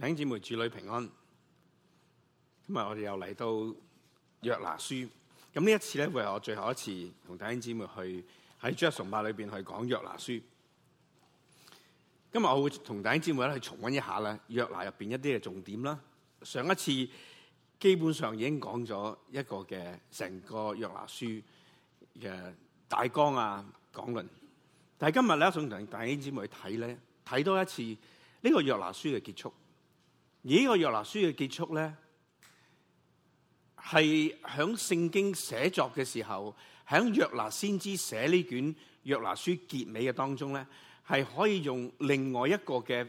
弟兄姊妹，子女平安。今日我哋又嚟到約拿書。咁呢一次咧，為我最後一次同弟兄姊妹去喺主日崇拜裏邊去講約拿書。今日我會同弟兄姐妹咧去重溫一下咧約拿入邊一啲嘅重點啦。上一次基本上已經講咗一個嘅成個約拿書嘅大綱啊講論，但係今日咧想同弟兄姐妹去睇咧睇多一次呢個約拿書嘅結束。而呢個約拿書嘅結束咧，係喺聖經寫作嘅時候，喺約拿先知寫呢卷約拿書結尾嘅當中咧，係可以用另外一個嘅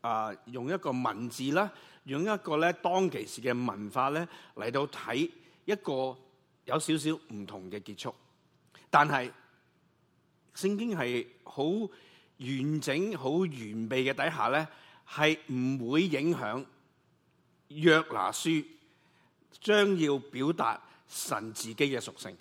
啊、呃，用一個文字啦，用一個咧當其時嘅文化咧嚟到睇一個有少少唔同嘅結束，但係聖經係好完整、好完備嘅底下咧。係唔會影響約拿書將要表達神自己嘅屬性，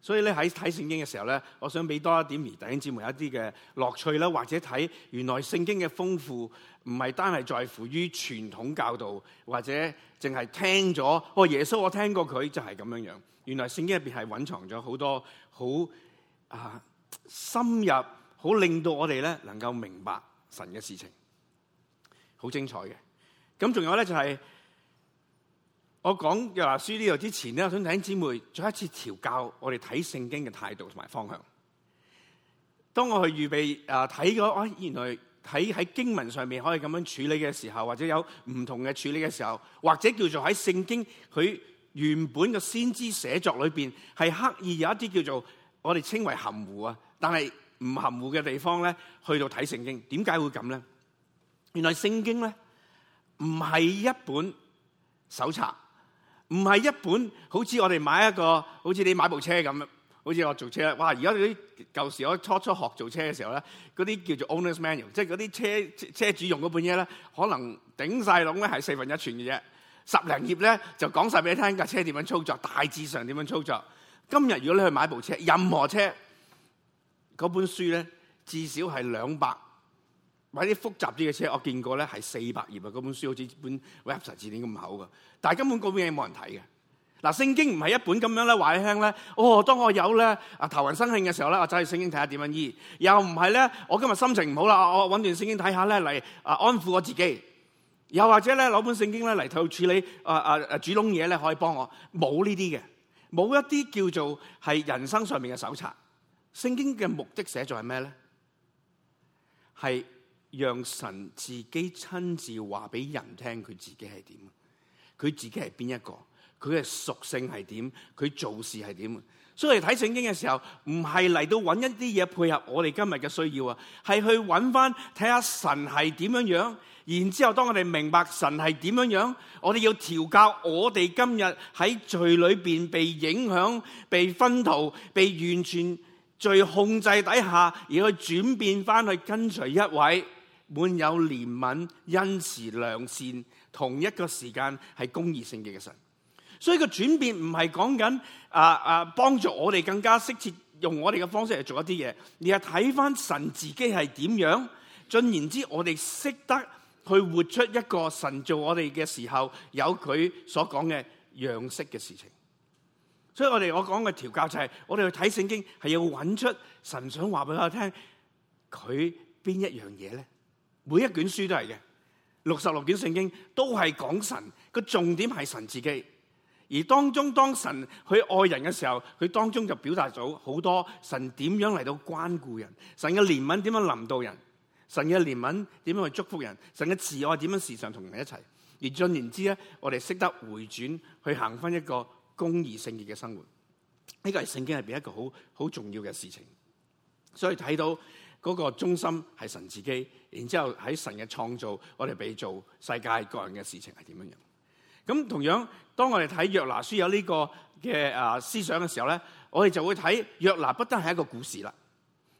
所以咧喺睇聖經嘅時候咧，我想俾多一點弟兄姊妹一啲嘅樂趣啦，或者睇原來聖經嘅豐富唔係單係在乎於傳統教導，或者淨係聽咗哦。耶穌，我聽過佢就係咁樣樣。原來聖經入邊係藴藏咗好多好啊深入，好令到我哋咧能夠明白。神嘅事情好精彩嘅，咁仲有咧就係、是，我講《約拿書》呢度之前咧，我想請姐妹再一次調教我哋睇聖經嘅態度同埋方向。當我去預備啊睇咗，啊原來睇喺經文上面可以咁樣處理嘅時候，或者有唔同嘅處理嘅時候，或者叫做喺聖經佢原本嘅先知寫作裏邊係刻意有一啲叫做我哋稱為含糊啊，但係。唔含糊嘅地方咧，去到睇聖經，點解會咁咧？原來聖經咧唔係一本手冊，唔係一本好似我哋買一個，好似你買部車咁。好似我做車，哇！而家嗰啲舊時我初初學做車嘅時候咧，嗰啲叫做 owner's manual，即係嗰啲車車主用嗰本嘢咧，可能頂曬籠咧，係四分一寸嘅啫，十零頁咧就講曬俾你聽架車點樣操作，大致上點樣操作。今日如果你去買部車，任何車。嗰本書咧，至少係兩百；買啲複雜啲嘅書，我見過咧係四百頁啊！嗰本書好似本《Webster》字典咁厚噶，但係根本嗰本嘢冇人睇嘅。嗱，聖經唔係一本咁樣咧，話你聽咧，哦，當我有咧啊頭暈身興嘅時候咧，我走去聖經睇下點樣醫；又唔係咧，我今日心情唔好啦，我搵段聖經睇下咧嚟啊安撫我自己；又或者咧攞本聖經咧嚟睇處理、呃、啊啊煮燶嘢咧，可以幫我。冇呢啲嘅，冇一啲叫做係人生上面嘅手冊。聖經嘅目的寫作係咩咧？係讓神自己親自話俾人聽佢自己係點，佢自己係邊一個，佢嘅屬性係點，佢做事係點。所以睇聖經嘅時候，唔係嚟到揾一啲嘢配合我哋今日嘅需要啊，係去揾翻睇下神係點樣樣。然之後，當我哋明白神係點樣樣，我哋要調教我哋今日喺罪裏邊被影響、被分逃、被完全，最控制底下而去轉變翻去跟隨一位滿有憐憫、恩慈、良善，同一個時間係公義聖潔嘅神。所以，個轉變唔係講緊啊啊，幫助我哋更加適切用我哋嘅方式嚟做一啲嘢，而係睇翻神自己係點樣。進然之，我哋識得去活出一個神做我哋嘅時候，有佢所講嘅樣式嘅事情。所以，我哋我講嘅調教就係，我哋去睇聖經係要揾出神想話俾我聽，佢邊一樣嘢咧？每一卷書都係嘅，六十六卷聖經都係講神個重點係神自己，而當中當神去愛人嘅時候，佢當中就表達咗好多神點樣嚟到關顧人，神嘅憐憫點樣臨到人，神嘅憐憫點樣去祝福人，神嘅慈愛點樣時常同人一齊。而進言之咧，我哋識得回轉去行翻一個，公義聖潔嘅生活，呢個係聖經入邊一個好好重要嘅事情，所以睇到嗰個中心係神自己，然之後喺神嘅創造，我哋被造世界各樣嘅事情係點樣樣。咁同樣，當我哋睇約拿書有呢個嘅啊思想嘅時候咧，我哋就會睇約拿不得係一個故事啦。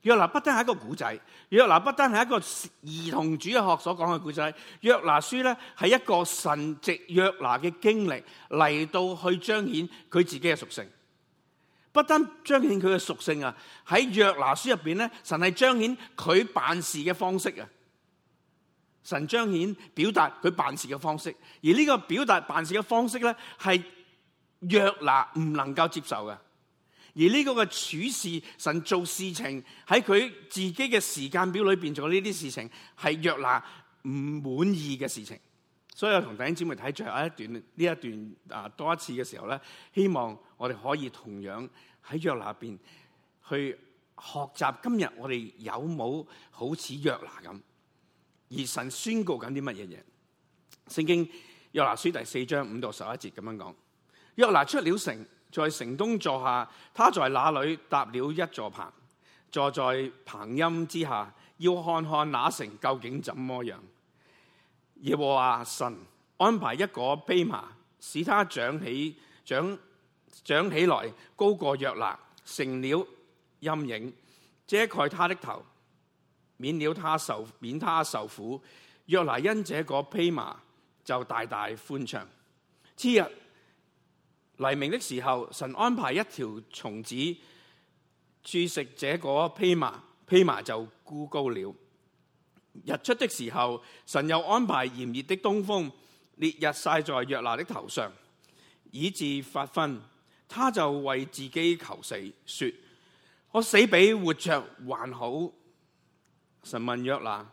約拿不單係一個古仔，約拿不單係一個兒童主日學所講嘅古仔，約拿書呢係一個神藉約拿嘅經歷嚟到去彰顯佢自己嘅屬性。不單彰顯佢嘅屬性啊，喺約拿書入面呢，神係彰顯佢辦事嘅方式啊，神彰顯表達佢辦事嘅方式，而呢個表達辦事嘅方式呢，係約拿唔能夠接受嘅。而呢個嘅處事，神做事情喺佢自己嘅時間表裏邊做呢啲事情，係約拿唔滿意嘅事情。所以我同弟兄姊妹睇最後一段呢一段啊多一次嘅時候咧，希望我哋可以同樣喺約拿入邊去學習。今日我哋有冇好似約拿咁？而神宣告緊啲乜嘢嘢？聖經約拿書第四章五到十一節咁樣講：約拿出了城。在城東坐下，他在那裏搭了一座棚，坐在棚蔭之下，要看看那城究竟怎麼樣。耶和華神安排一個蓖麻，使他長起、長長起來，高過約拿，成了陰影，遮蓋他的頭，免了他受免他受苦。約拿因這個蓖麻就大大歡暢。次日。黎明的時候，神安排一條蟲子注食這個披麻，披麻就枯槁了。日出的時候，神又安排炎熱的東風烈日曬在約拿的頭上，以致發昏。他就為自己求死，說：我死比活着還好。神問約拿：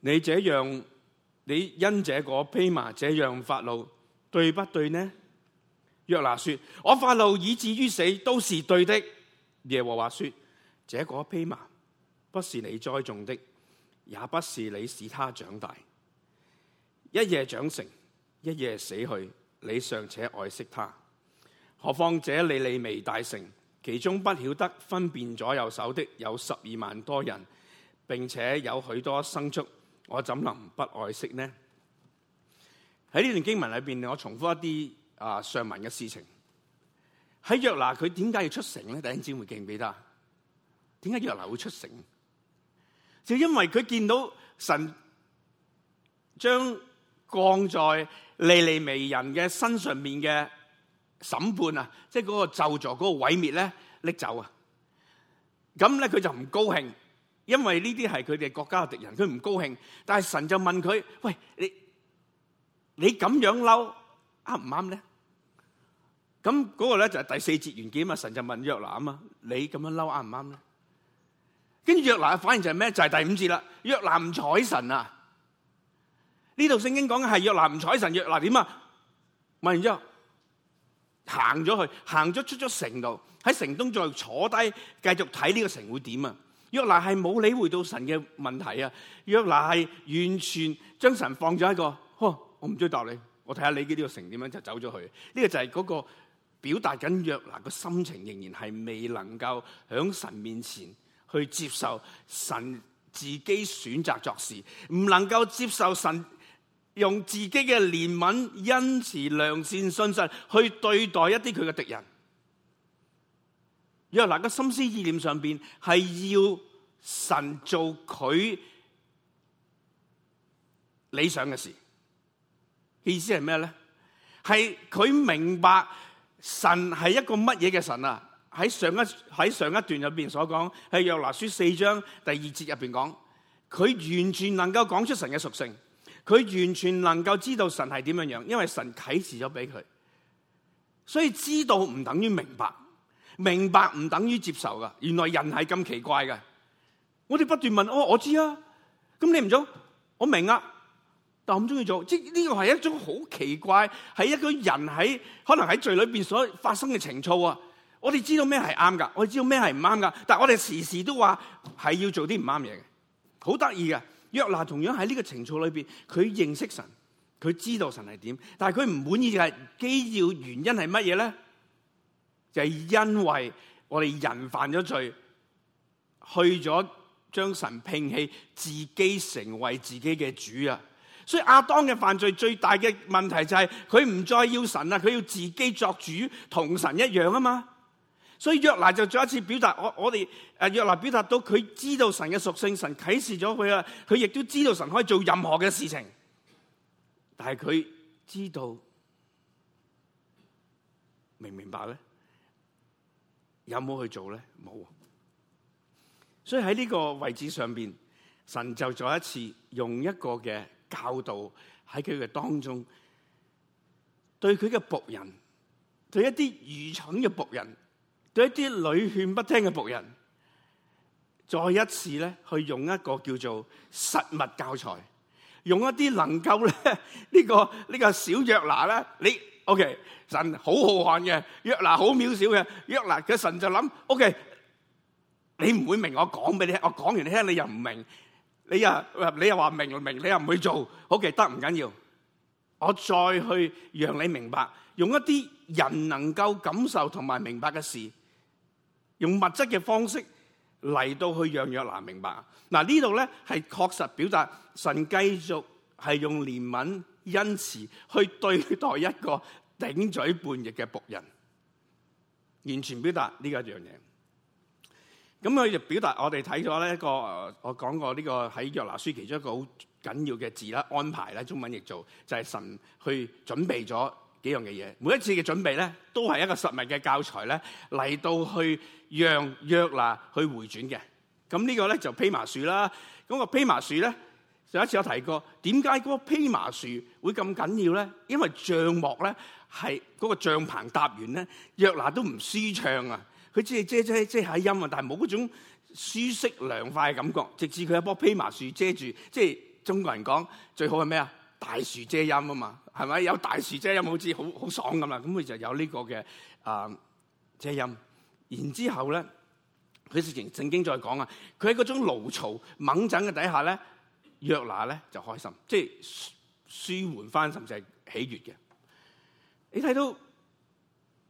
你這樣，你因這個披麻這樣發怒，對不對呢？約拿說：我發怒以至於死都是對的。耶和華說：這個蓖麻不是你栽種的，也不是你使它長大。一夜長成，一夜死去，你尚且愛惜它，何況這尼尼微大城，其中不曉得分辨左右手的有十二萬多人，並且有許多牲畜，我怎能不愛惜呢？喺呢段經文裏邊，我重複一啲。啊，上文嘅事情喺約拿佢點解要出城咧？等陣先會記唔記得。點解約拿會出城？就因為佢見到神將降在尼尼微人嘅身上面嘅審判啊，即係嗰個咒詛、嗰個毀滅咧，拎走啊！咁咧佢就唔高興，因為呢啲係佢哋國家嘅敵人，佢唔高興。但係神就問佢：喂，你你咁樣嬲啱唔啱咧？合咁嗰個咧就係第四節完結啊，神就問約拿啊，你咁樣嬲啱唔啱咧？跟住約拿啊，反而就係咩？就係第五節啦。約拿唔睬神啊！呢度聖經講嘅係約拿唔睬神。約拿點啊？問完之後行咗去，行咗出咗城度，喺城東再坐低繼續睇呢個城會點啊？約拿係冇理會到神嘅問題啊！約拿係完全將神放咗喺個，呵，我唔中意答你，我睇下你呢個城點樣就走咗去。呢個就係嗰個。表達緊約拿個心情仍然係未能夠喺神面前去接受神自己選擇作事，唔能夠接受神用自己嘅憐憫、恩慈、良善、信實去對待一啲佢嘅敵人。約拿嘅心思意念上邊係要神做佢理想嘅事，意思係咩呢？係佢明白。神係一個乜嘢嘅神啊？喺上一喺上一段入邊所講喺約拿書四章第二節入邊講，佢完全能夠講出神嘅屬性，佢完全能夠知道神係點樣樣，因為神啟示咗俾佢。所以知道唔等於明白，明白唔等於接受噶。原來人係咁奇怪嘅。我哋不斷問哦，我知啊，咁你唔做？我明啊。我唔中意做，即呢個係一種好奇怪，係一個人喺可能喺罪裏邊所發生嘅情操啊！我哋知道咩係啱噶，我哋知道咩係唔啱噶，但係我哋時時都話係要做啲唔啱嘢嘅，好得意嘅。約拿同樣喺呢個情操裏邊，佢認識神，佢知道神係點，但係佢唔滿意嘅基要原因係乜嘢咧？就係因為我哋人犯咗罪，去咗將神摒棄，自己成為自己嘅主啊！所以阿當嘅犯罪最大嘅問題就係佢唔再要神啦，佢要自己作主，同神一樣啊嘛。所以約拿就再一次表達我我哋誒約拿表達到佢知道神嘅屬性，神啟示咗佢啦，佢亦都知道神可以做任何嘅事情，但係佢知道明唔明白咧？有冇去做咧？冇。所以喺呢個位置上邊，神就再一次用一個嘅。教導喺佢嘅當中，對佢嘅僕人，對一啲愚蠢嘅僕人，對一啲屢勸不聽嘅僕人，再一次咧去用一個叫做實物教材，用一啲能夠咧呢個呢個小約拿咧，你 OK 神好浩瀚嘅約拿好渺小嘅約拿，佢神就諗 OK，你唔會明我講俾你聽，我講完你聽你又唔明。你又你又話明唔明？你又唔會做，好嘅得唔緊要，我再去讓你明白，用一啲人能夠感受同埋明白嘅事，用物質嘅方式嚟到去讓約拿明白。嗱，呢度咧係確實表達神繼續係用憐憫恩慈去對待一個頂嘴叛逆嘅僕人，完全表達呢個一樣嘢。咁佢就表達，我哋睇咗咧一個，我講過呢個喺約拿書其中一個好緊要嘅字啦，安排啦，中文譯做就係神去準備咗幾樣嘅嘢，每一次嘅準備咧都係一個實物嘅教材咧嚟到去讓約拿去回轉嘅。咁呢個咧就蓖麻樹啦。咁個蓖麻樹咧，上一次我提過，點解嗰個蓖麻樹會咁緊要咧？因為帳幕咧係嗰個帳棚搭完咧，約拿都唔舒暢啊。佢只係遮遮遮下陰啊，但係冇嗰種舒適涼快嘅感覺。直至佢有一棵蓖麻樹遮住，即係中國人講最好係咩啊？大樹遮陰啊嘛，係咪有大樹遮陰，好似好好爽咁啦？咁佢就有呢個嘅啊遮陰。然之後咧，佢之前曾經再講啊，佢喺嗰種勞嘈猛震嘅底下咧，約拿咧就開心，即係舒緩翻，甚至係喜悅嘅。你睇到。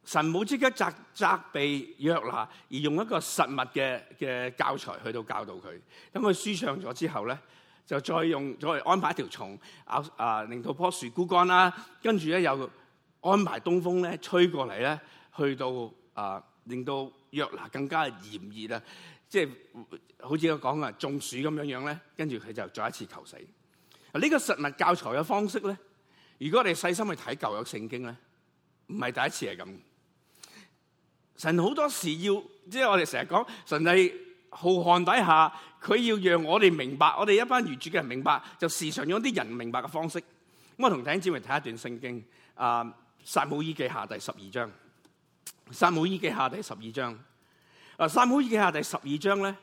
神冇即刻責責備約拿，而用一個實物嘅嘅教材去到教導佢。等佢舒暢咗之後咧，就再用再安排條蟲咬啊，令到樖樹枯乾啦。跟住咧又安排東風咧吹過嚟咧，去到啊、呃、令到約拿更加炎熱啊，即係好似我講啊中暑咁樣樣咧。跟住佢就再一次求死。嗱、這、呢個實物教材嘅方式咧，如果我哋細心去睇舊約聖經咧，唔係第一次係咁。神好多時要，即係我哋成日講，神係浩瀚底下，佢要讓我哋明白，我哋一班愚拙嘅人明白，就時常用啲人明白嘅方式。我同弟兄姊妹睇一段聖經，啊《啊撒母耳記下》第十二章，《撒母耳記下》第十二章。啊，《撒母耳記下》第十二章咧，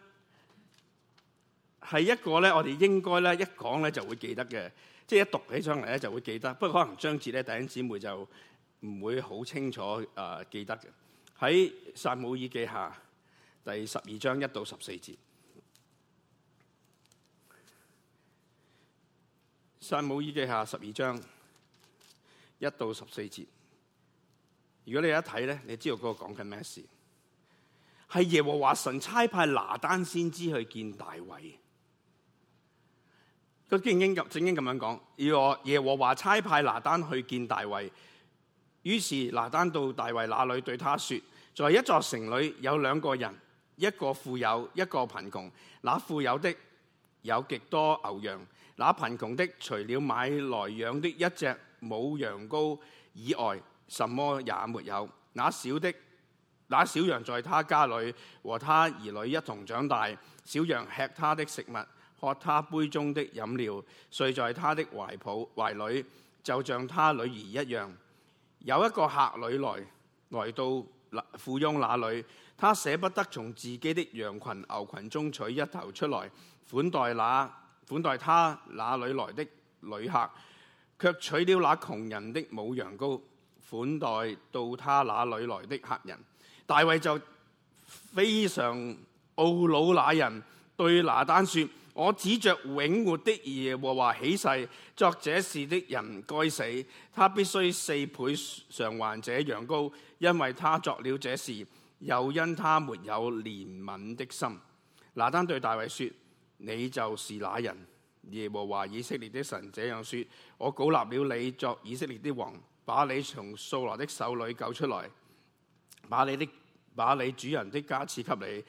係一個咧，我哋應該咧一講咧就會記得嘅，即係一讀起上嚟咧就會記得。不過可能章節咧，弟兄姊妹就唔會好清楚啊記得嘅。喺《撒母耳記下》第十二章一到十四節，《撒母耳記下》十二章一到十四節，如果你一睇呢，你就知道嗰個講緊咩事？係耶和華神差派拿單先知去見大衛。佢正經咁正經咁樣講，要耶和華差派拿單去見大衛。於是拿單到大衛那裏對他說：在一座城裏有兩個人，一個富有，一個貧窮。那富有的有極多牛羊，那貧窮的除了買來養的一隻母羊羔以外，什麼也沒有。那小的，那小羊在他家裏和他兒女一同長大，小羊吃他的食物，喝他杯中的飲料，睡在他的懷抱懷裏，就像他女兒一樣。有一個客旅來來到富翁那裏，他捨不得從自己的羊群、牛群中取一頭出來款待那款待他那裏來的旅客，卻取了那窮人的母羊羔款待到他那裏來的客人。大衛就非常懊惱，那人對拿單說。我指着永活的耶和華起誓，作這事的人該死，他必須四倍償還這羊羔，因為他作了這事，又因他沒有憐憫的心。拿單對大衛說：你就是那人。耶和華以色列的神這樣說：我告立膏立了你作以色列的王，把你從掃羅的手裏救出來，把你的把你主人的家賜給你，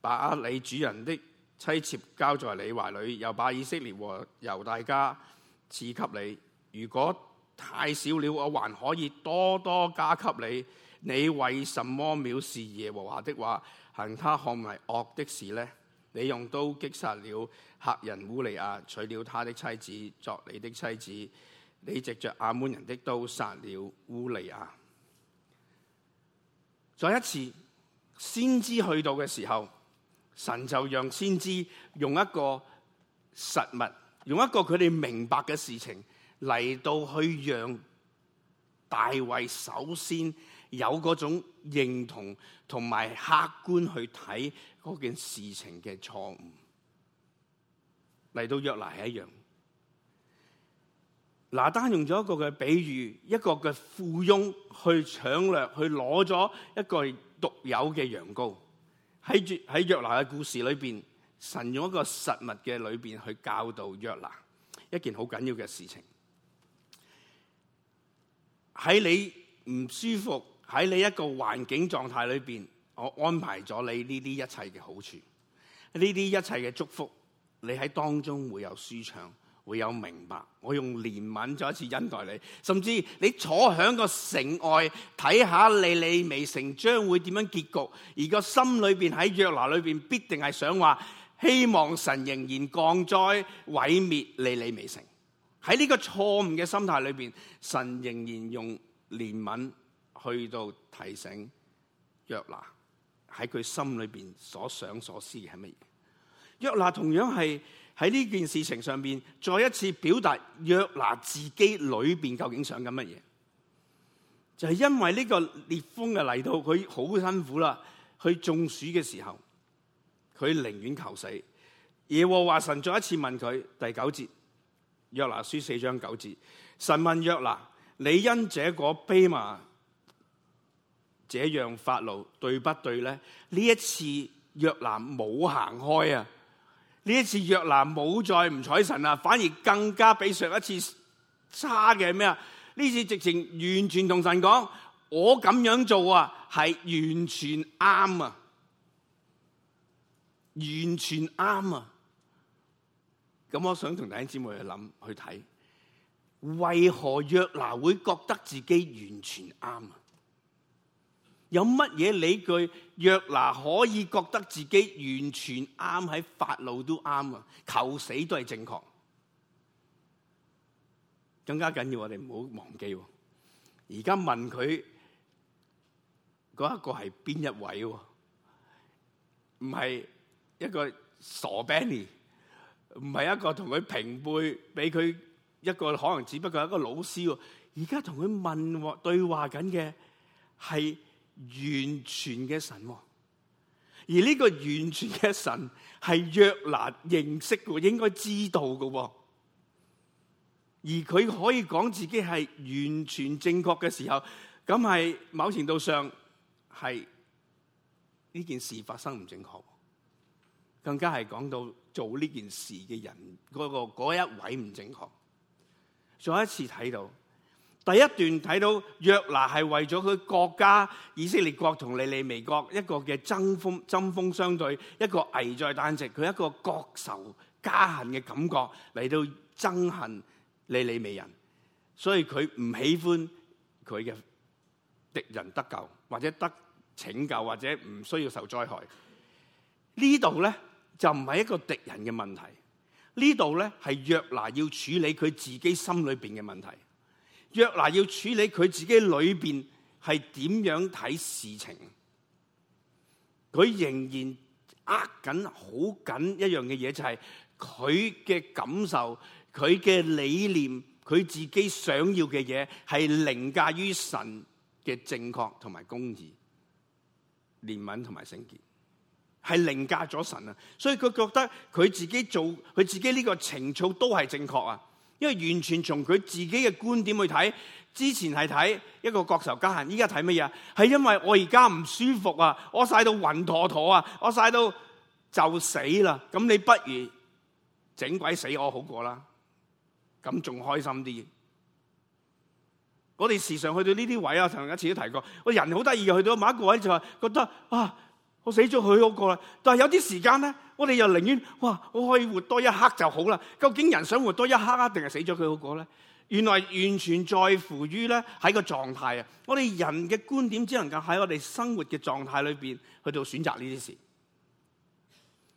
把你主人的妻妾交在你懷裏，又把以色列和猶大家賜給你。如果太少了，我還可以多多加給你。你為什麼藐視耶和華的話，行他看為惡的事呢？你用刀擊殺了客人烏利亞，娶了他的妻子作你的妻子。你藉着亞捫人的刀殺了烏利亞。再一次，先知去到嘅時候。神就讓先知用一個實物，用一個佢哋明白嘅事情嚟，到去讓大衛首先有嗰種認同，同埋客觀去睇嗰件事情嘅錯誤。嚟到約拿一樣，拿單用咗一個嘅比喻，一個嘅富翁去搶掠，去攞咗一個獨有嘅羊羔。喺住喺約拿嘅故事裏面，神用一個實物嘅裏面去教導約拿一件好緊要嘅事情。喺你唔舒服，喺你一個環境狀態裏面，我安排咗你呢啲一切嘅好處，呢啲一切嘅祝福，你喺當中會有舒暢。會有明白，我用憐憫再一次恩待你，甚至你坐響個城外睇下尼尼微城將會點樣結局，而個心裏邊喺約拿裏邊必定係想話，希望神仍然降災毀滅尼尼微城。喺呢個錯誤嘅心態裏邊，神仍然用憐憫去到提醒約拿喺佢心裏邊所想所思係乜嘢？約拿同樣係。喺呢件事情上邊，再一次表達約拿自己裏邊究竟想緊乜嘢？就係因為呢個烈風嘅嚟到，佢好辛苦啦，佢中暑嘅時候，佢寧願求死。耶和華神再一次問佢第九節，約拿書四章九節，神問約拿：你因這個蓖麻，這樣發怒對不對咧？呢一次約拿冇行開啊！呢一次約拿冇再唔睬神啊，反而更加比上一次差嘅咩？呢次直情完全同神講，我咁樣做啊，係完全啱啊，完全啱啊！咁我想同弟兄姊妹去諗去睇，為何約拿會覺得自己完全啱啊？有乜嘢理據？約拿可以覺得自己完全啱喺法路都啱啊！求死都係正確。更加緊要，我哋唔好忘記。而家問佢嗰一個係邊一位？唔係一個傻 Benny，唔係一個同佢平輩，俾佢一個可能只不過係一個老師。而家同佢問對話緊嘅係。完全嘅神、哦，而呢個完全嘅神係約拿認識嘅，應該知道嘅、哦。而佢可以講自己係完全正確嘅時候，咁係某程度上係呢件事發生唔正確，更加係講到做呢件事嘅人嗰、嗰個嗰一位唔正確。再一次睇到。第一段睇到約拿係為咗佢國家以色列國同尼尼微國一個嘅爭鋒針鋒相對，一個危在旦夕，佢一個國仇家恨嘅感覺嚟到憎恨尼尼微人，所以佢唔喜歡佢嘅敵人得救或者得拯救或者唔需要受災害。呢度咧就唔係一個敵人嘅問題，呢度咧係約拿要處理佢自己心裏邊嘅問題。約拿要處理佢自己裏邊係點樣睇事情，佢仍然握緊好緊一樣嘅嘢，就係佢嘅感受、佢嘅理念、佢自己想要嘅嘢，係凌駕於神嘅正確同埋公義、憐憫同埋聖潔，係凌駕咗神啊！所以佢覺得佢自己做佢自己呢個情操都係正確啊！因為完全從佢自己嘅觀點去睇，之前係睇一個國仇家恨，依家睇乜嘢？係因為我而家唔舒服啊，我曬到暈陀陀啊，我曬到就死啦！咁你不如整鬼死我好過啦，咁仲開心啲。我哋時常去到呢啲位啊，曾經一次都提過，我人好得意嘅，去到某一個位就係覺得啊。我死咗佢嗰個啦，但係有啲時間咧，我哋又寧願哇，我可以活多一刻就好啦。究竟人想活多一刻啊，定係死咗佢嗰個咧？原來完全在乎於咧喺個狀態啊！我哋人嘅觀點只能夠喺我哋生活嘅狀態裏邊去到選擇呢啲事，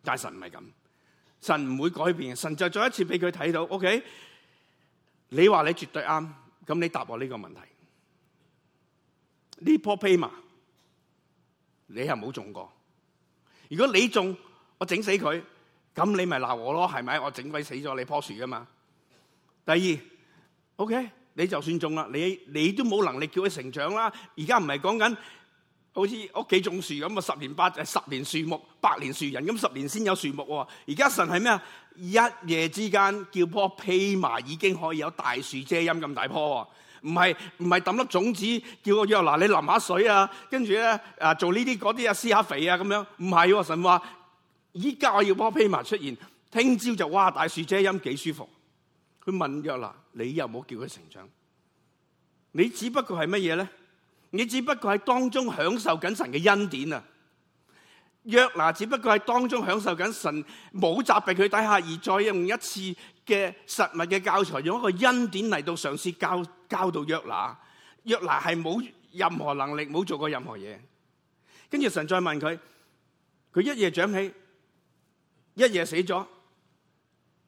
但係神唔係咁，神唔會改變嘅。神就再一次俾佢睇到，OK，你話你絕對啱，咁你答我呢個問題，呢棵蓖麻你係冇種過。如果你種，我整死佢，咁你咪鬧我咯，係咪？我整鬼死咗你棵樹噶嘛？第二，OK，你就算種啦，你你都冇能力叫佢成長啦。而家唔係講緊好似屋企種樹咁啊，十年八十年樹木，百年樹人咁，十年先有樹木。而家神係咩啊？一夜之間叫棵蓖麻已經可以有大樹遮陰咁大棵。唔係唔係抌粒種子，叫個約拿你淋下水啊，跟住咧啊做呢啲嗰啲啊施下肥啊咁樣，唔係神話依家，我要棵蓖麻出現，聽朝就哇大樹遮陰幾舒服。佢問約拿，你又冇叫佢成長，你只不過係乜嘢咧？你只不過喺當中享受緊神嘅恩典啊。約拿只不過喺當中享受緊神冇責備佢底下，而再用一次嘅實物嘅教材，用一個恩典嚟到嘗試教。教到約拿，約拿係冇任何能力，冇做過任何嘢。跟住神再問佢，佢一夜長起，一夜死咗，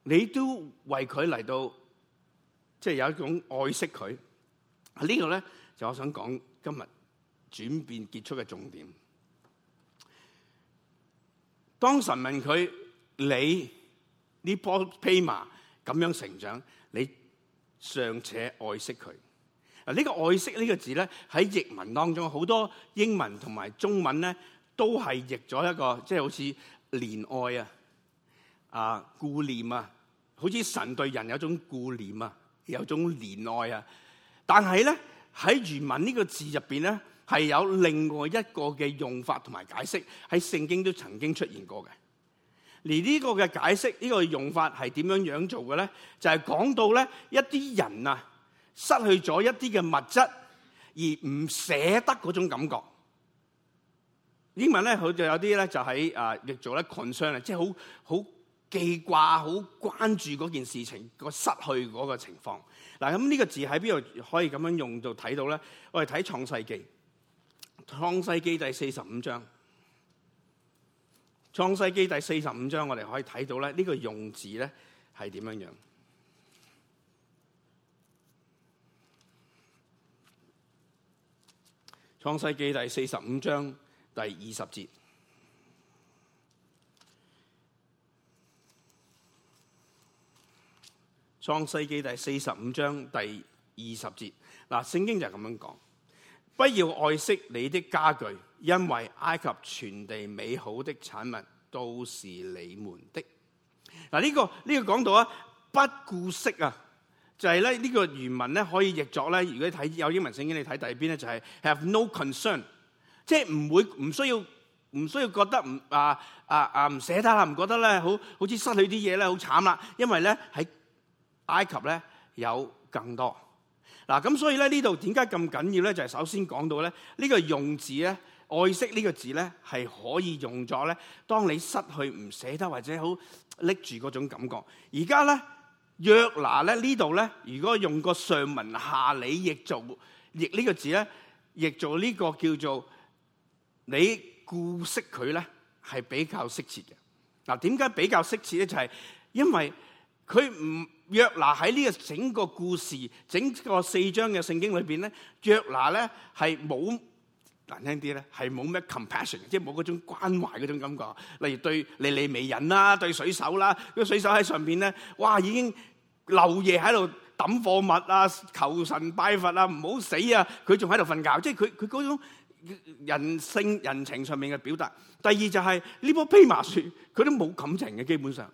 你都為佢嚟到，即係有一種愛惜佢。呢個咧，就我想講今日轉變結束嘅重點。當神問佢，你呢棵蓖麻咁樣成長，你？尚且愛惜佢，嗱、這、呢個愛惜呢個字咧，喺譯文當中好多英文同埋中文咧，都係譯咗一個即係、就是、好似憐愛啊、啊顧念啊，好似神對人有種顧念啊，有種憐愛啊。但係咧喺原文呢個字入邊咧，係有另外一個嘅用法同埋解釋，喺聖經都曾經出現過嘅。而呢個嘅解釋，呢個用法係點樣樣做嘅咧？就係講到咧一啲人啊，失去咗一啲嘅物質，而唔捨得嗰種感覺。英文咧，佢就有啲咧就喺啊，譯做咧 concern 啊，即係好好記掛、好關注嗰件事情個失去嗰個情況。嗱，咁呢個字喺邊度可以咁樣用到睇到咧？我哋睇創世記，創世記第四十五章。創世記第四十五章，我哋可以睇到咧，呢、這個用字咧係點樣樣？創世記第四十五章第二十節，創世記第四十五章第二十節。嗱，聖經就係咁樣講，不要愛惜你的家具。因為埃及全地美好的產物都是你們的。嗱、這個，呢個呢個講到啊，不顧惜啊，就係咧呢個原文咧可以譯作咧，如果睇有英文聖經你睇第二邊咧，就係 have no concern，即係唔會唔需要唔需要覺得唔啊啊啊唔捨得啦，唔覺得咧好好似失去啲嘢咧好慘啦，因為咧喺埃及咧有更多。嗱，咁所以咧呢度點解咁緊要咧？就係、是、首先講到咧呢個用字咧。愛惜呢個字咧，係可以用咗咧。當你失去唔捨得或者好拎住嗰種感覺，而家咧約拿咧呢度咧，如果用個上文下理譯做譯呢個字咧，譯做呢個叫做你顧惜佢咧，係比較適切嘅。嗱、啊，點解比較適切咧？就係、是、因為佢唔約拿喺呢個整個故事整個四章嘅聖經裏邊咧，約拿咧係冇。難聽啲咧，係冇咩 compassion，即係冇嗰種關懷嗰種感覺。例如對尼尼微人啦，對水手啦，個水手喺上邊咧，哇已經漏夜喺度揼貨物啊，求神拜佛啊，唔好死啊！佢仲喺度瞓覺，即係佢佢嗰種人性人情上面嘅表達。第二就係呢棵蓖麻樹，佢都冇感情嘅基本上。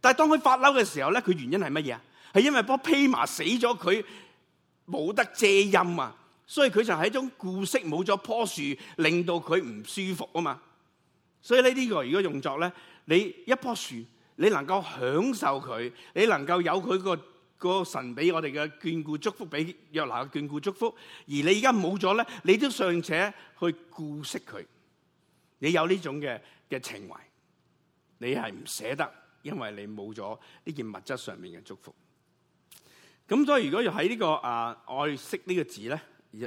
但係當佢發嬲嘅時候咧，佢原因係乜嘢啊？係因為棵蓖麻死咗，佢冇得遮陰啊！所以佢就係一種顧惜，冇咗樖樹，令到佢唔舒服啊嘛。所以呢呢個如果用作咧，你一樖樹，你能夠享受佢，你能夠有佢個個神俾我哋嘅眷顧祝福，俾約拿嘅眷顧祝福。而你而家冇咗咧，你都尚且去顧惜佢，你有呢種嘅嘅情懷，你係唔捨得，因為你冇咗呢件物質上面嘅祝福。咁所以如果要喺、這個呃、呢個啊愛惜呢個字咧。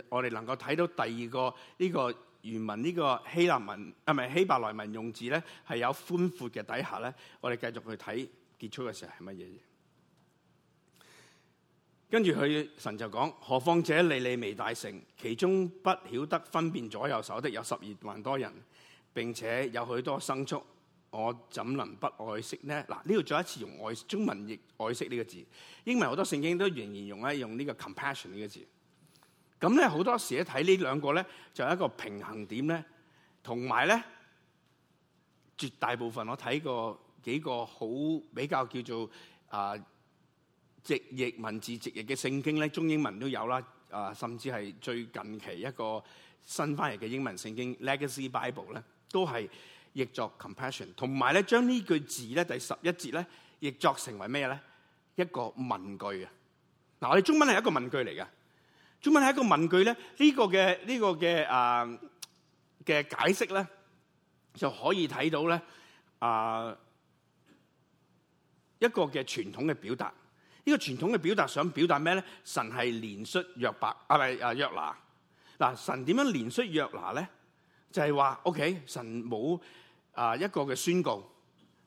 我哋能夠睇到第二個呢個原文，呢個希臘文啊，唔係希伯來文用字咧，係有寬闊嘅底下咧，我哋繼續去睇結束嘅時候係乜嘢嘢。跟住佢神就講：何況這尼尼微大城，其中不曉得分辨左右手的有十二萬多人，並且有許多牲畜，我怎能不愛惜呢？嗱，呢度再一次用愛中文，亦愛惜呢個字。英文好多聖經都仍然用咧用呢個 compassion 呢個字。咁咧好多時咧睇呢兩個咧，就係一個平衡點咧，同埋咧絕大部分我睇過幾個好比較叫做啊直譯文字直譯嘅聖經咧，中英文都有啦，啊甚至係最近期一個新翻譯嘅英文聖經 Legacy Bible 咧，都係譯作 compassion，同埋咧將呢句字咧第十一節咧，譯作成為咩咧一個問句啊！嗱，我哋中文係一個問句嚟嘅。最尾係一個問句咧，這個這個啊、呢個嘅呢個嘅啊嘅解釋咧就可以睇到咧啊一個嘅傳統嘅表達，呢、這個傳統嘅表達想表達咩咧？神係連率約伯，啊，唔係啊約拿。嗱、啊，神點樣連率約拿咧？就係、是、話 OK，神冇啊一個嘅宣告，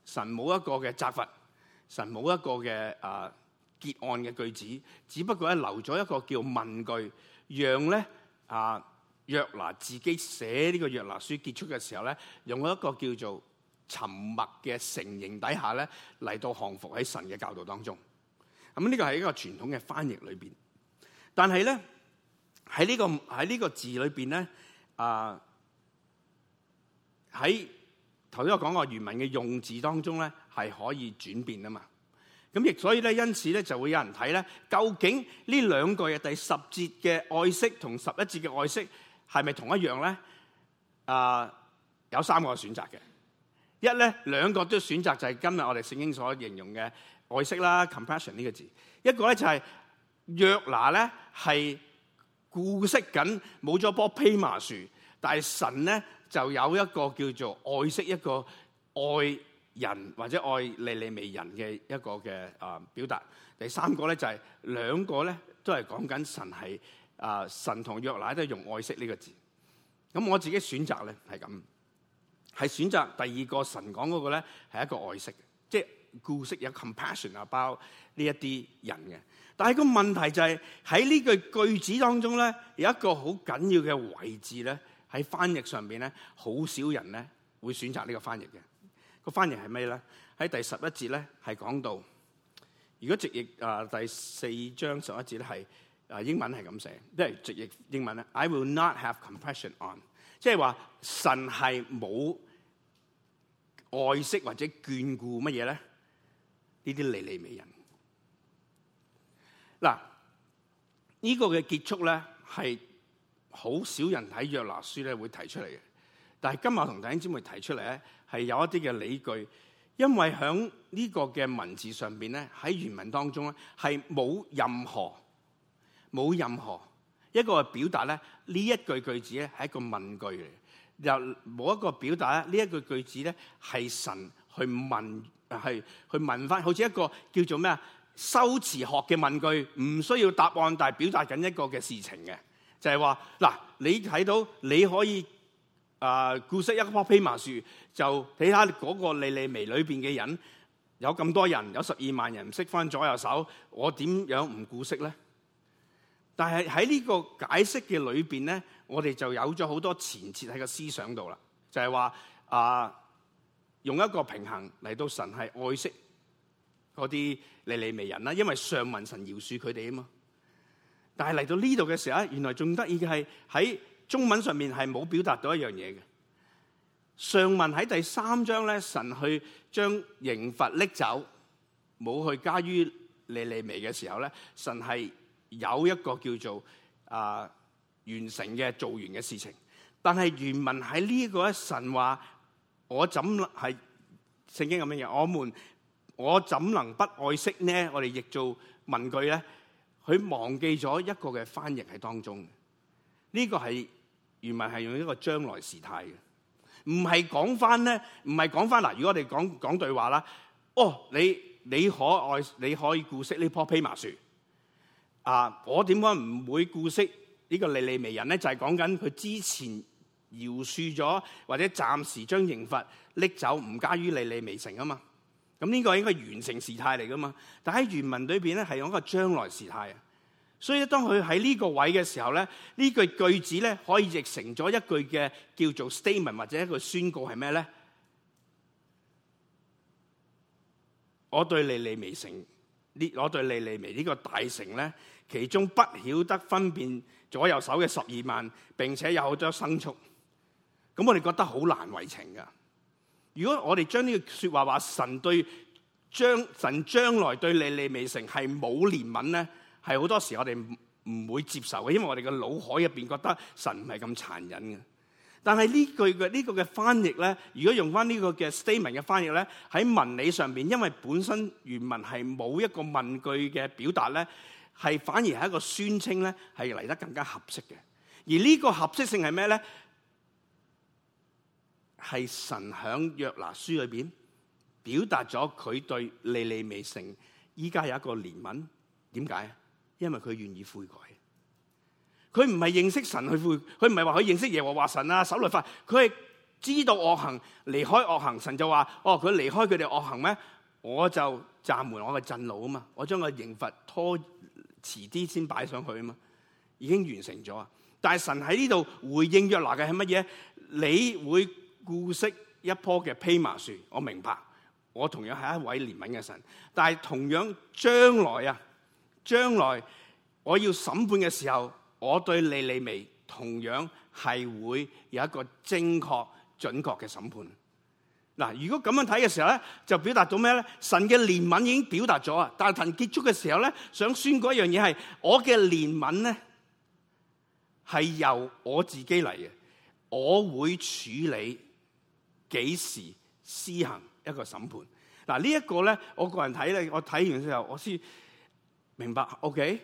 神冇一個嘅責罰，神冇一個嘅啊，結案嘅句子，只不過咧，留咗一個叫問句，讓咧啊約拿自己寫呢個約拿書結束嘅時候咧，用一個叫做沉默嘅承認底下咧嚟到降服喺神嘅教導當中。咁、嗯、呢、這個係一個傳統嘅翻譯裏邊，但係咧喺呢、這個喺呢個字裏邊咧啊喺頭先我講過原文嘅用字當中咧係可以轉變啊嘛。咁亦所以咧，因此咧，就會有人睇咧，究竟呢兩個嘅第十節嘅愛惜同十一節嘅愛惜係咪同一樣咧？啊、uh，有三個選擇嘅，一咧兩個都選擇就係今日我哋聖經所形容嘅愛惜啦，compassion 呢個字，一個咧就係、是、約拿咧係顧惜緊冇咗棵披麻樹，但係神咧就有一個叫做愛惜一個愛。人或者愛尼尼微人嘅一個嘅啊表達，第三個咧就係、是、兩個咧都係講緊神係啊、呃、神同約拿都用愛惜呢個字，咁我自己選擇咧係咁，係選擇第二個神講嗰個咧係一個愛惜，即、就、係、是、顧惜有 compassion 啊包呢一啲人嘅，但係個問題就係喺呢句句子當中咧有一個好緊要嘅位置咧喺翻譯上邊咧好少人咧會選擇呢個翻譯嘅。個翻譯係咩咧？喺第十一節咧係講到，如果直譯啊、呃、第四章十一節咧係啊英文係咁寫，即係直譯英文咧。I will not have compassion on，即係話神係冇愛惜或者眷顧乜嘢咧呢啲尼尼微人。嗱，呢、呢個嘅結束咧係好少人喺約拿書咧會提出嚟嘅。但係今日同弟兄姊妹提出嚟咧，係有一啲嘅理據，因為喺呢個嘅文字上邊咧，喺原文當中咧係冇任何冇任何一個表達咧呢一句句子咧係一個問句嚟，又冇一個表達咧呢一句句子咧係神去問，係去問翻，好似一個叫做咩啊修辭學嘅問句，唔需要答案，但係表達緊一個嘅事情嘅，就係話嗱，你睇到你可以。啊、呃！顧惜一棵蓖麻樹，就睇下嗰個尼尼微裏邊嘅人有咁多人，有十二萬人唔識翻左右手，我點樣唔顧惜咧？但係喺呢個解釋嘅裏邊咧，我哋就有咗好多前設喺個思想度啦，就係話啊，用一個平衡嚟到神係愛惜嗰啲尼尼微人啦，因為上文神饒恕佢哋啊嘛。但係嚟到呢度嘅時候咧，原來仲得意嘅係喺在中文上面係冇表達到一樣嘢嘅。上文喺第三章咧，神去將刑罰拎走，冇去加於尼尼微嘅時候咧，神係有一個叫做啊完成嘅做完嘅事情。但係原文喺呢個，神話我怎係聖經咁樣嘅？我們我怎能不愛惜呢？我哋亦做問句咧，佢忘記咗一個嘅翻譯喺當中。呢個係。原文係用一個將來時態嘅，唔係講翻咧，唔係講翻嗱。如果我哋講講對話啦，哦，你你可愛你可以顧惜呢棵蓖麻樹啊，我點解唔會顧惜呢個尼尼微人咧？就係講緊佢之前饒恕咗，或者暫時將刑罰拎走，唔加於尼尼微城啊嘛。咁、嗯、呢、這個應該係完成時態嚟噶嘛。但喺原文裏邊咧，係用一個將來時態。所以當佢喺呢個位嘅時候咧，呢句句子咧可以譯成咗一句嘅叫做 statement 或者一個宣告係咩咧？我對尼尼微城，呢我對尼尼微呢個大城咧，其中不曉得分辨左右手嘅十二萬，並且有好多牲畜，咁我哋覺得好難為情噶。如果我哋將呢個説話話神對將神將來對尼尼微城係冇憐憫咧？係好多時我哋唔會接受嘅，因為我哋嘅腦海入邊覺得神唔係咁殘忍嘅。但係、這個、呢句嘅呢個嘅翻譯咧，如果用個翻呢個嘅 statement 嘅翻譯咧，喺文理上邊，因為本身原文係冇一個問句嘅表達咧，係反而係一個宣稱咧，係嚟得更加合適嘅。而呢個合適性係咩咧？係神響約拿書裏邊表達咗佢對尼尼微城依家有一個憐憫，點解？因為佢願意悔改，佢唔係認識神去悔，佢唔係話佢認識耶和華神啊，守律法，佢係知道惡行，離開惡行，神就話：哦，佢離開佢哋惡行咩？我就暫緩我嘅震怒啊嘛，我將個刑罰拖遲啲先擺上去啊嘛，已經完成咗啊。但係神喺呢度回應約拿嘅係乜嘢？你會顧惜一棵嘅蓖麻樹？我明白，我同樣係一位憐憫嘅神，但係同樣將來啊。將來我要審判嘅時候，我對尼尼微同樣係會有一個正確、準確嘅審判。嗱，如果咁樣睇嘅時候咧，就表達咗咩咧？神嘅憐憫已經表達咗啊！但係神結束嘅時候咧，想宣告一樣嘢係：我嘅憐憫咧係由我自己嚟嘅，我會處理幾時施行一個審判。嗱，呢一個咧，我個人睇咧，我睇完之後我，我先。明白？OK？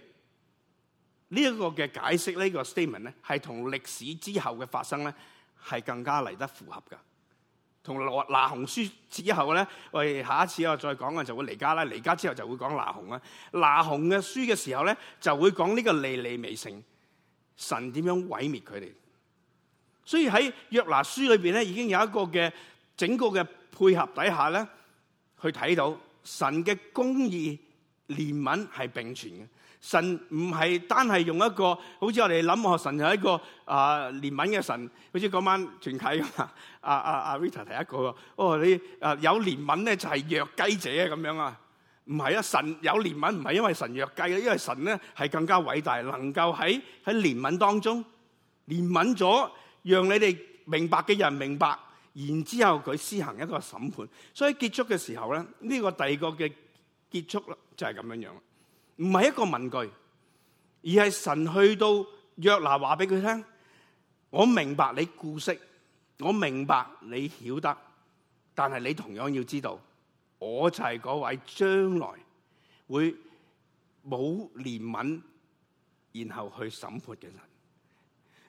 呢一個嘅解釋，呢、這個 statement 咧，係同歷史之後嘅發生咧，係更加嚟得符合噶。同拿、那鴻書之後咧，我哋下一次我再講嘅就會彌迦啦。彌迦之後就會講那鴻啦。那鴻嘅書嘅時候咧，就會講呢個尼尼微城，神點樣毀滅佢哋。所以喺約拿書裏邊咧，已經有一個嘅整個嘅配合底下咧，去睇到神嘅公義。憐憫係並存嘅，神唔係單係用一個，好似我哋諗學神係一個啊、呃、憐憫嘅神，好似嗰晚團契咁啊，阿阿阿 Rita 第一個，哦你啊、呃、有憐憫咧就係弱雞者咁樣啊，唔係啊，神有憐憫唔係因為神弱雞啊，因為神咧係更加偉大，能夠喺喺憐憫當中憐憫咗，讓你哋明白嘅人明白，然之後佢施行一個審判，所以結束嘅時候咧呢、這個第二個嘅。結束啦，就係咁樣樣，唔係一個文句，而係神去到約拿話俾佢聽，我明白你故事，我明白你曉得，但係你同樣要知道，我就係嗰位將來會冇憐憫，然後去審判嘅人。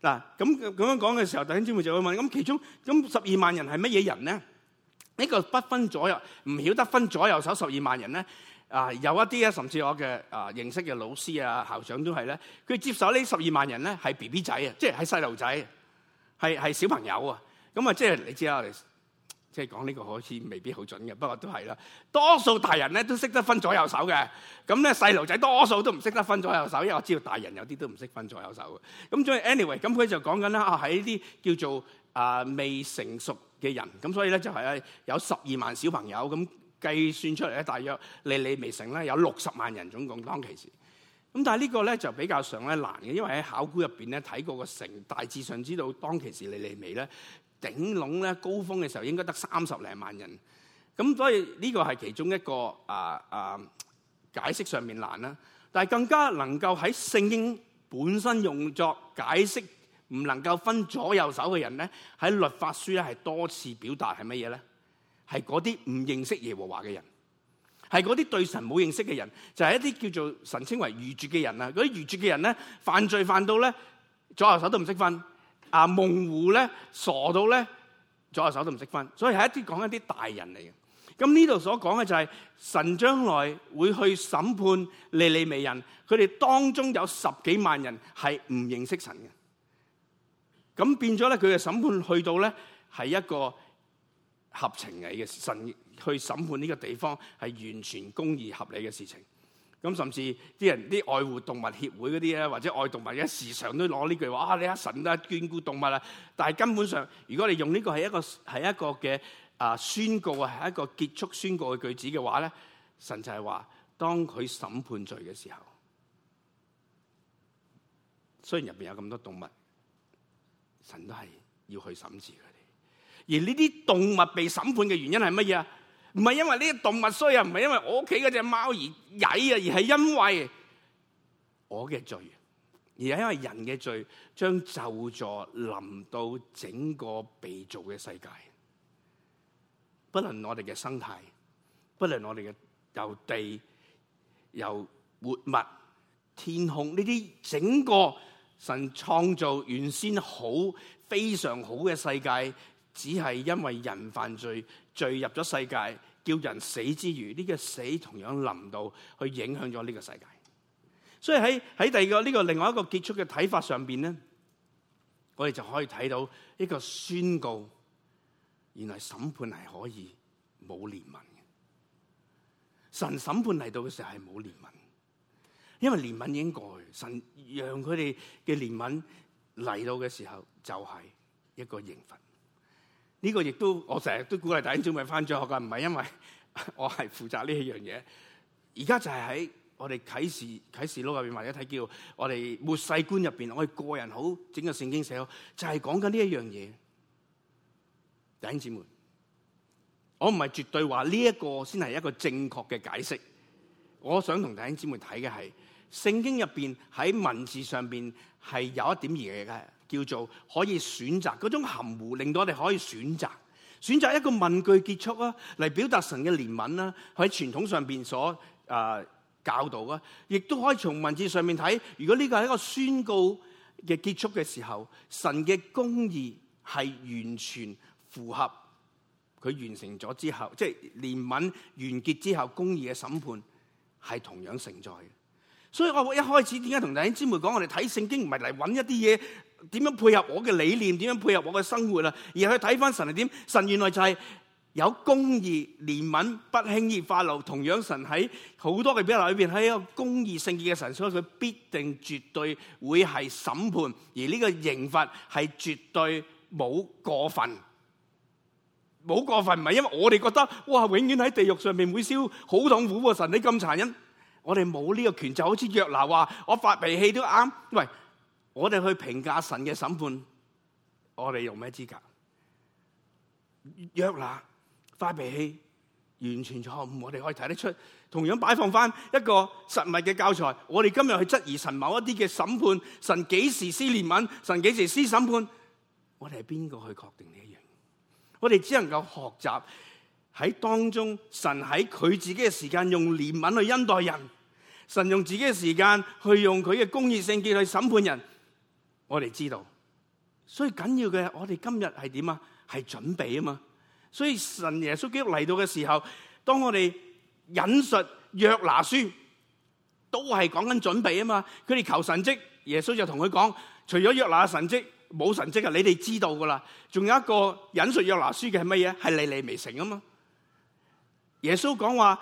嗱，咁咁樣講嘅時候，弟兄姊妹就會問，咁其中咁十二萬人係乜嘢人呢？呢個不分左右，唔曉得分左右手十二萬人呢？啊，有一啲啊，甚至我嘅啊認識嘅老師啊、校長都係咧，佢接手呢十二萬人咧係 B B 仔啊，即係係細路仔，係係小朋友啊。咁啊，即係你知啦，即係講呢個好似未必好準嘅，不過都係啦。多數大人咧都識得分左右手嘅，咁咧細路仔多數都唔識得分左右手，因為我知道大人有啲都唔識分左右手嘅。咁所以 anyway，咁佢就講緊啦，啊喺啲叫做啊未成熟嘅人，咁所以咧就係啊有十二萬小朋友咁。計算出嚟咧，大約尼尼微城，咧有六十萬人總共當其時。咁但係呢個咧就比較上咧難嘅，因為喺考古入邊咧睇過個城，大致上知道當其時尼尼微咧頂籠咧高峰嘅時候應該得三十零萬人。咁所以呢個係其中一個啊啊解釋上面難啦。但係更加能夠喺聖經本身用作解釋，唔能夠分左右手嘅人咧喺律法書咧係多次表達係乜嘢咧？係嗰啲唔認識耶和華嘅人，係嗰啲對神冇認識嘅人，就係一啲叫做神稱為愚拙嘅人啊！嗰啲愚拙嘅人咧，犯罪犯到咧，左右手都唔識分啊，模糊咧，傻到咧，左右手都唔識分。所以係一啲講一啲大人嚟嘅。咁呢度所講嘅就係神將來會去審判尼尼微人，佢哋當中有十幾萬人係唔認識神嘅。咁變咗咧，佢嘅審判去到咧，係一個。合情理嘅神去審判呢個地方係完全公義合理嘅事情，咁甚至啲人啲愛護動物協會嗰啲咧，或者愛動物嘅時常都攞呢句話，啊，你阿神都係眷顧動物啦，但係根本上，如果你用呢個係一個係一個嘅啊宣告啊，係一個結束宣告嘅句子嘅話咧，神就係話當佢審判罪嘅時候，雖然入邊有咁多動物，神都係要去審視佢。而呢啲動物被審判嘅原因係乜嘢啊？唔係因為呢啲動物衰啊，唔係因為我屋企嗰隻貓而曳啊，而係因為我嘅罪，而係因為人嘅罪，將咒詛臨到整個被造嘅世界，不論我哋嘅生態，不論我哋嘅由地由活物天空呢啲整個神創造原先好非常好嘅世界。只係因為人犯罪，罪入咗世界，叫人死之餘，呢個死同樣臨到，去影響咗呢個世界。所以喺喺第二個呢個另外一個結束嘅睇法上邊咧，我哋就可以睇到一個宣告：原來審判係可以冇憐憫嘅。神審判嚟到嘅時候係冇憐憫，因為憐憫已經過去。神讓佢哋嘅憐憫嚟到嘅時候，就係一個刑罰。呢、這個亦都我成日都鼓勵弟兄姐妹翻咗學噶，唔係因為我係負責呢樣嘢。而家就係喺我哋啟示啟示錄入邊，或者睇叫我哋末世觀入邊，我哋個人好整個聖經寫好就係講緊呢一樣嘢。弟兄姊妹，我唔係絕對話呢一個先係一個正確嘅解釋。我想同弟兄姊妹睇嘅係聖經入邊喺文字上邊係有一點異嘅。叫做可以選擇嗰種含糊，令到我哋可以選擇選擇一個問句結束啊，嚟表達神嘅憐憫啦。喺傳統上邊所啊、呃、教導啊，亦都可以從文字上面睇。如果呢個係一個宣告嘅結束嘅時候，神嘅公義係完全符合佢完成咗之後，即係憐憫完結之後，公義嘅審判係同樣存在嘅。所以我一開始點解同弟兄姊妹講，我哋睇聖經唔係嚟揾一啲嘢。點樣配合我嘅理念？點樣配合我嘅生活啊？而去睇翻神係點？神原來就係有公義、憐憫、不輕易發怒。同樣神喺好多嘅比較裏邊，喺一個公義聖潔嘅神所，所以佢必定絕對會係審判，而呢個刑罰係絕對冇過分，冇過分。唔係因為我哋覺得哇，永遠喺地獄上面會燒好痛苦喎，啊！神你咁殘忍，我哋冇呢個權，就好似約拿話我發脾氣都啱，喂。我哋去評價神嘅審判，我哋用咩資格？約拿快脾氣，完全錯誤。我哋可以睇得出。同樣擺放翻一個實物嘅教材，我哋今日去質疑神某一啲嘅審判，神幾時施憐憫，神幾時施審判，我哋係邊個去確定呢一樣？我哋只能夠學習喺當中，神喺佢自己嘅時間用憐憫去恩待人，神用自己嘅時間去用佢嘅公義聖潔去審判人。我哋知道，所以緊要嘅，我哋今日係點啊？係準備啊嘛！所以神耶穌基督嚟到嘅時候，當我哋引述約拿書，都係講緊準備啊嘛！佢哋求神蹟，耶穌就同佢講：除咗約拿神蹟，冇神蹟啊！你哋知道噶啦，仲有一個引述約拿書嘅係乜嘢？係離離未成啊嘛！耶穌講話，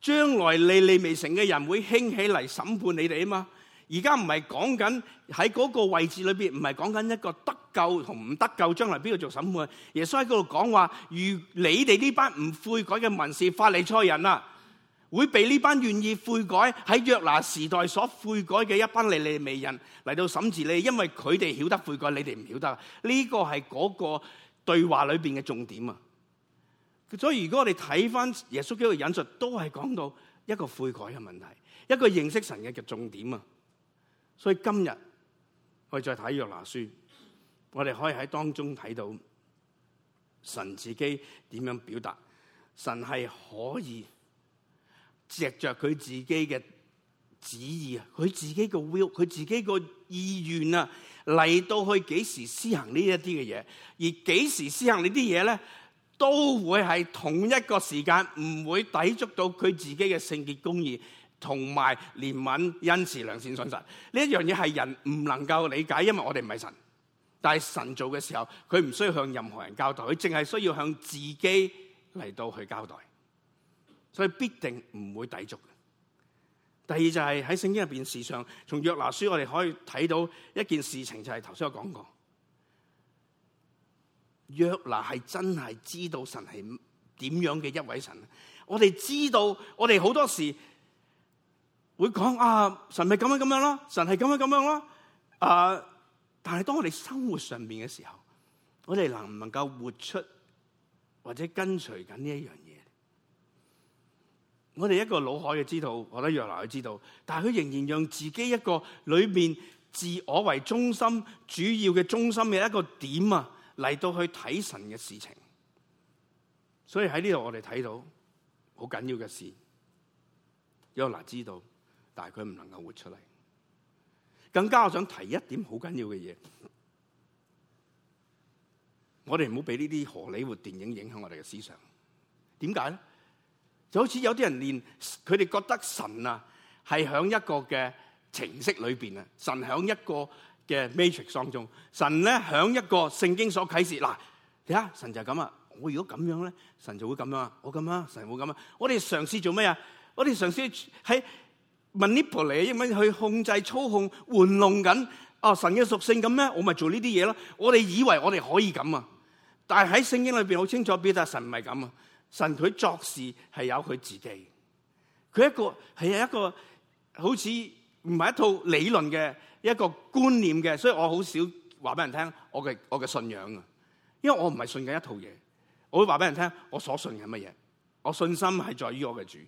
將來尼尼微城嘅人會興起嚟審判你哋啊嘛！而家唔係講緊喺嗰個位置裏邊，唔係講緊一個得救同唔得救將來邊度做審判。耶穌喺嗰度講話：如你哋呢班唔悔改嘅民事法利賽人啊，會被呢班願意悔改喺約拿時代所悔改嘅一班尼尼微人嚟到審治你，因為佢哋曉得悔改，你哋唔曉得。呢個係嗰個對話裏邊嘅重點啊！所以如果我哋睇翻耶穌嘅一個引述，都係講到一個悔改嘅問題，一個認識神嘅嘅重點啊！所以今日我哋再睇約拿書，我哋可以喺當中睇到神自己點樣表達？神係可以借着佢自己嘅旨意啊，佢自己個 will，佢自己個意願啊，嚟到去幾時施行呢一啲嘅嘢？而幾時施行這些呢啲嘢咧，都會係同一個時間，唔會抵觸到佢自己嘅聖潔公義。同埋憐憫、恩慈、良善、信實，呢一樣嘢係人唔能夠理解，因為我哋唔係神。但係神做嘅時候，佢唔需要向任何人交代，佢淨係需要向自己嚟到去交代，所以必定唔會抵觸。第二就係喺聖經入邊事上，從約拿書我哋可以睇到一件事情，就係頭先我講過，約拿係真係知道神係點樣嘅一位神。我哋知道，我哋好多時。會講啊，神係咁樣咁樣囉，神係咁樣咁樣囉。啊，但係當我哋生活上面嘅時候，我哋能唔能夠活出或者跟隨緊呢一樣嘢？我哋一個腦海嘅，知道，我得約拿去知道，但係佢仍然讓自己一個裏面自我為中心主要嘅中心嘅一個點啊，嚟到去睇神嘅事情。所以喺呢度我哋睇到好緊要嘅事，約拿知道。但係佢唔能夠活出嚟，更加我想提一點好緊要嘅嘢。我哋唔好俾呢啲荷里活電影影響我哋嘅思想。點解咧？就好似有啲人連佢哋覺得神啊係響一個嘅程式裏邊啊，神響一個嘅 matrix 當中，神咧響一個聖經所啟示嗱，你睇下，神就係咁啊。我如果咁樣咧，神就會咁樣啊。我咁啊，神會咁啊。我哋嘗試做咩啊？我哋嘗試喺，Manipulate，因為去控制、操控、玩弄緊，哦，神嘅屬性咁咩？我咪做呢啲嘢咯。我哋以為我哋可以咁啊，但係喺聖經裏邊好清楚表達神唔係咁啊。神佢作事係有佢自己，佢一個係一個好似唔係一套理論嘅一個觀念嘅，所以我好少話俾人聽我嘅我嘅信仰啊。因為我唔係信緊一套嘢，我會話俾人聽我所信係乜嘢，我信心係在於我嘅主。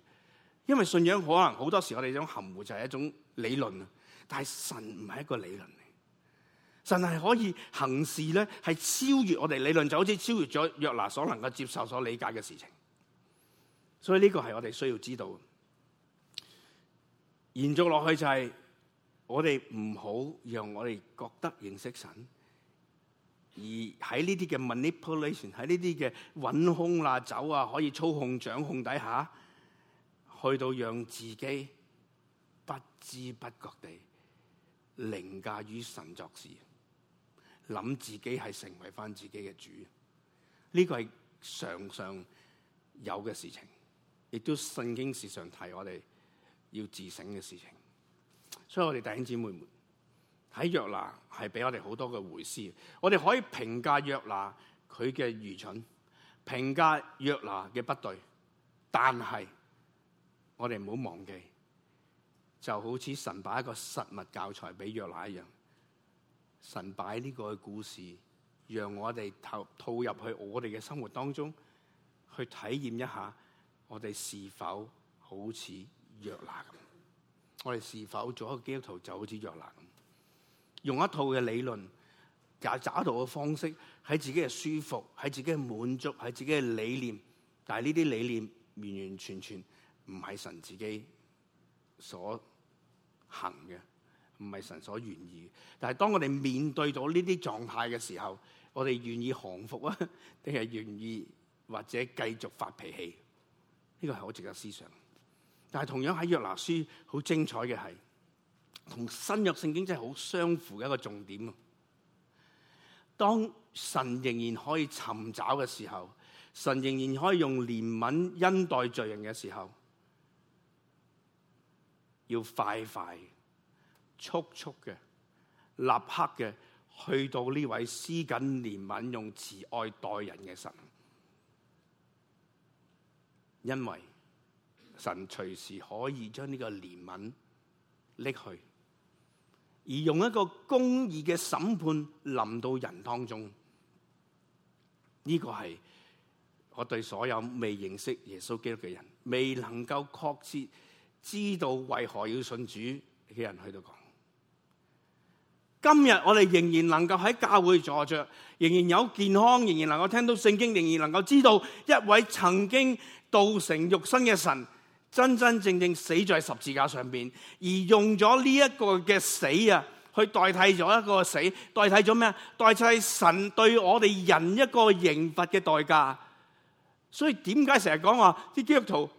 因為信仰可能好多時我哋一種含糊就係一種理論啊，但係神唔係一個理論嚟，神係可以行事咧，係超越我哋理論，就好似超越咗約拿所能夠接受、所理解嘅事情。所以呢個係我哋需要知道嘅。延續落去就係我哋唔好讓我哋覺得認識神，而喺呢啲嘅 manipulation 喺呢啲嘅搵空啦、啊、走啊，可以操控、掌控底下。去到讓自己不知不覺地凌駕於神作事，諗自己係成為返自己嘅主，呢個係常常有嘅事情，亦都聖經時常提我哋要自省嘅事情。所以我哋弟兄姊妹們睇約拿係俾我哋好多嘅回思，我哋可以評價約拿佢嘅愚蠢，評價約拿嘅不對，但係。我哋唔好忘記，就好似神擺一個實物教材俾約拿一樣，神擺呢個故事，讓我哋投套入去我哋嘅生活當中，去體驗一下我哋是否好似約拿咁。我哋是否做一個基督徒就好似約拿咁，用一套嘅理論，又一套嘅方式，喺自己嘅舒服，喺自己嘅滿足，喺自己嘅理念，但係呢啲理念完完全全。唔係神自己所行嘅，唔係神所願意。但係當我哋面對咗呢啲狀態嘅時候，我哋願意降服啊，定係願意或者繼續發脾氣？呢個係好值得思想。但係同樣喺約拿書好精彩嘅係，同新約聖經真係好相符嘅一個重點。當神仍然可以尋找嘅時候，神仍然可以用憐憫恩待罪人嘅時候，要快快、速速嘅、立刻嘅，去到呢位施緊憐憫、用慈愛待人嘅神，因為神隨時可以將呢個憐憫拎去，而用一個公義嘅審判臨到人當中。呢個係我對所有未認識耶穌基督嘅人，未能夠確切，知道為何要信主嘅人喺度講，今日我哋仍然能夠喺教會坐着，仍然有健康，仍然能夠聽到聖經，仍然能夠知道一位曾經道成肉身嘅神，真真正正死在十字架上邊。而用咗呢一個嘅死啊，去代替咗一個死，代替咗咩啊？代替神對我哋人一個刑罰嘅代價。所以點解成日講話啲基督徒？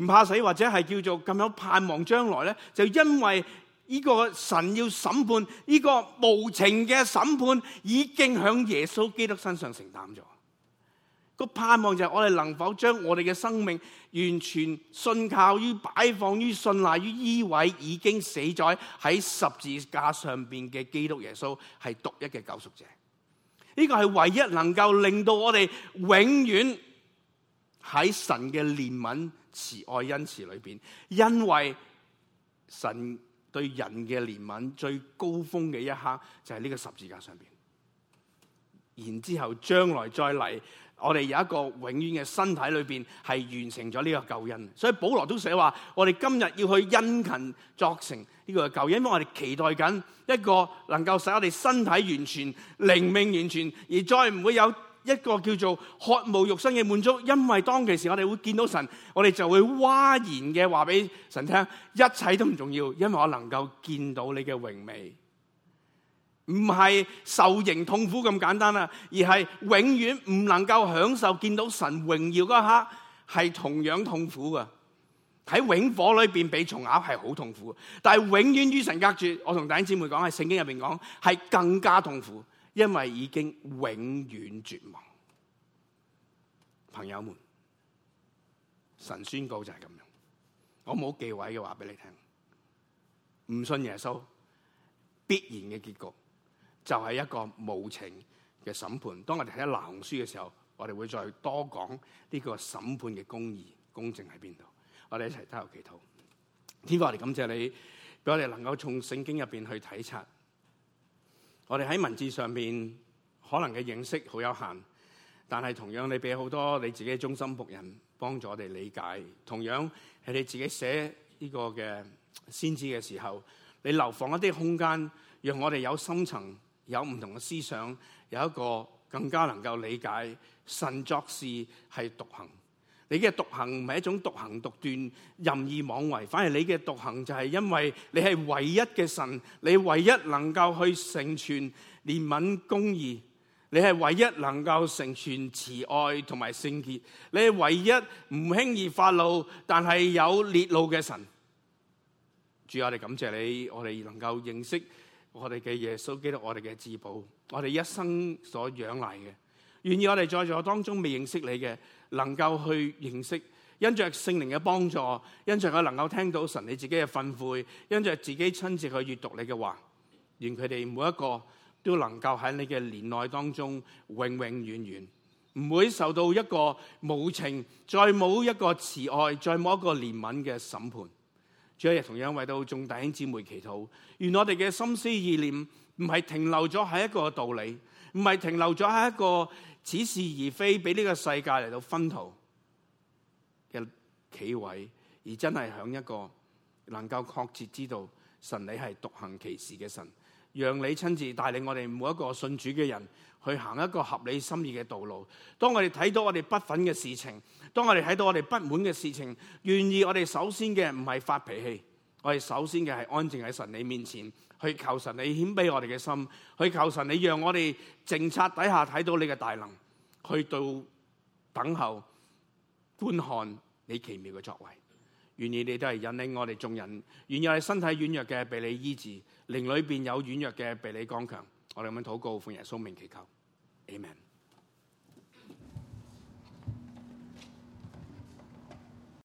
唔怕死，或者係叫做咁有盼望將來咧，就因為呢個神要審判呢個無情嘅審判，已經響耶穌基督身上承擔咗。個盼望就係我哋能否將我哋嘅生命完全信靠於、擺放於、信賴於呢位已經死咗喺十字架上邊嘅基督耶穌，係獨一嘅救贖者。呢個係唯一能夠令到我哋永遠喺神嘅憐憫。慈愛恩慈裏邊，因為神對人嘅憐憫最高峰嘅一刻就喺呢個十字架上邊。然之後將來再嚟，我哋有一個永遠嘅身體裏邊係完成咗呢個救恩。所以保羅都寫話，我哋今日要去殷勤作成呢個救恩，因為我哋期待緊一個能夠使我哋身體完全、靈命完全，而再唔會有，一個叫做渴慕肉身嘅滿足，因為當其時我哋會見到神，我哋就會嘩然嘅話俾神聽，一切都唔重要，因為我能夠見到你嘅榮美，唔係受刑痛苦咁簡單啦，而係永遠唔能夠享受見到神榮耀嗰刻，係同樣痛苦噶。喺永火裏邊被蟲咬係好痛苦，但係永遠於神隔絕，我同弟兄姐妹講喺聖經入邊講係更加痛苦。因為已經永遠絕望，朋友們，神宣告就係咁樣，我冇忌諱嘅話俾你聽，唔信耶穌必然嘅結局就係一個無情嘅審判。當我哋睇《那鴻書》嘅時候，我哋會再多講呢個審判嘅公義、公正喺邊度。我哋一齊踏入祈禱。天父，我哋感謝你，俾我哋能夠從聖經入邊去體察。我哋在文字上面可能嘅認識好有限，但係同樣你俾好多你自己嘅忠心僕人幫助我哋理解，同樣係你自己寫呢個嘅先知嘅時候，你留返一啲空間，讓我哋有深層、有唔同嘅思想，有一個更加能夠理解神作事係獨行。你嘅獨行唔係一種獨行獨斷、任意妄為，反而你嘅獨行就係因為你係唯一嘅神，你唯一能夠去成全憐憫公義，你係唯一能夠成全慈愛同埋聖潔，你係唯一唔輕易發怒，但係有烈怒嘅神。主啊，我哋感謝你，我哋能夠認識我哋嘅耶穌基督我，我哋嘅至寶，我哋一生所仰賴嘅。願意我哋在座當中未認識你嘅，能夠去認識，因着聖靈嘅幫助，因着佢能夠聽到神你自己嘅訓誨，因着自己親自去閱讀你嘅話，願佢哋每一個都能夠喺你嘅年內當中永永遠遠，唔會受到一個無情、再冇一個慈愛、再冇一個憐憫嘅審判。主耶穌同樣為到眾弟兄姊妹祈禱，願我哋嘅心思意念唔係停留咗喺一個道理，唔係停留咗喺一個。此是而非俾呢個世界嚟到分途嘅企位，而真係響一個能夠確切知道神你係獨行其事嘅神，讓你親自帶領我哋每一個信主嘅人去行一個合理心意嘅道路。當我哋睇到我哋不忿嘅事情，當我哋睇到我哋不滿嘅事情，願意我哋首先嘅唔係發脾氣，我哋首先嘅係安靜喺神你面前。去求神你謙卑我哋嘅心，去求神你讓我哋政策底下睇到你嘅大能，去到等候觀看你奇妙嘅作為。願意你都係引領我哋眾人，願有啲身體軟弱嘅被你醫治，令裏邊有軟弱嘅被你剛強。我哋咁樣禱告，奉耶穌名祈求，Amen。